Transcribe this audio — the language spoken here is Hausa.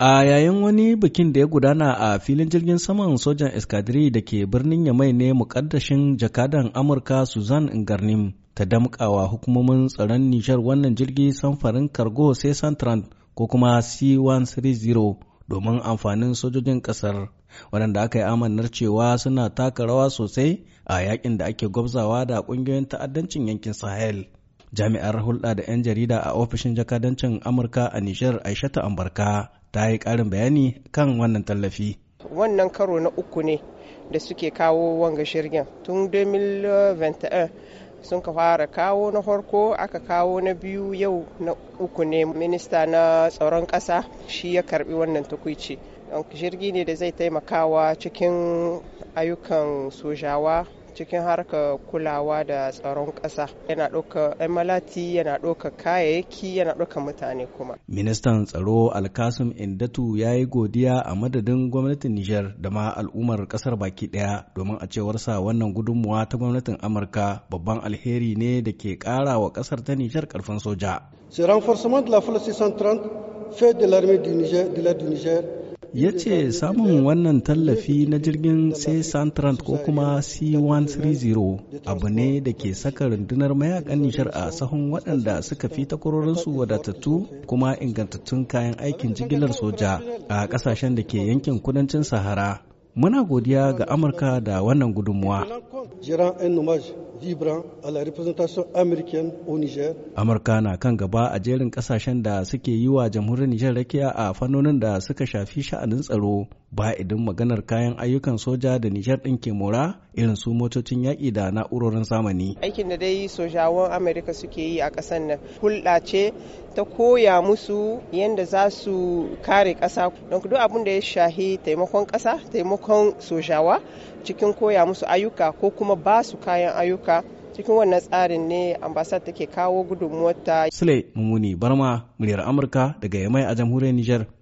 A yayin wani bikin da ya gudana a filin jirgin saman sojan eskadiri da ke birnin Yamai ne mukaddashin jakadan Amurka Suzan garnim ta damƙawa hukumomin tsaron Nijar wannan jirgi samfarin Cargo sai ko kuma C-130 domin amfanin sojojin ƙasar waɗanda aka yi amannar cewa suna taka rawa sosai a yakin da ake gwabzawa da ƙungiyoyin ta'addancin yankin Sahel. Jami'ar hulɗa da 'yan jarida a ofishin jakadancin Amurka a Nijar Aishata Ambarka ta yi ƙarin bayani kan wannan tallafi. Wannan karo na uku ne da suke kawo wanga shirgin tun 2021 sun ka fara kawo na farko aka kawo na biyu yau na uku ne minista na tsaron ƙasa shi ya karbi wannan tukuici jirgi ne da zai taimakawa cikin ayyukan sojawa cikin harkar kulawa da tsaron ƙasa yana ɗauka emalati yana ɗauka kayayyaki yana ɗauka mutane kuma. Ministan tsaro alkasim Indatu ya yi godiya a madadin gwamnatin Nijar da ma al'ummar ƙasar baki ɗaya domin a cewarsa wannan gudunmuwa ta gwamnatin Amurka babban alheri ne da ke ƙara wa ƙasar ta Nijar karfin soja. Ce renforcement de la 630 fait de l'armée du Niger, ya ce samun wannan tallafi na jirgin c-130 ko kuma c-130 abu ne da ke saka rundunar mayakan nishar a sahun waɗanda suka fi takwarorinsu wadatattu kuma ingantattun kayan aikin jigilar soja a ƙasashen da ke yankin kudancin sahara muna godiya ga amurka da wannan gudunmuwa vibrant à la représentation américaine au Niger. Amurka na kan gaba a jerin kasashen da suke yi wa jamhuriyar Nijar rakiya a fannonin da suka shafi sha'anin tsaro ba idan maganar kayan ayyukan soja da Nijar ɗin ke mora irin su motocin yaƙi da na'urorin zamani. Aikin da dai sojawan Amerika suke yi a ƙasar nan hulɗa ce ta koya musu yadda za su kare ƙasa. Don duk abin da ya shahi taimakon ƙasa, taimakon sojawa cikin koya musu ayyuka ko kuma ba su kayan ayyuka. cikin wannan tsarin ne ambasad take kawo ta. Sule Mumuni Barma, muryar Amurka daga Yamai a jamhuriyar Nijar.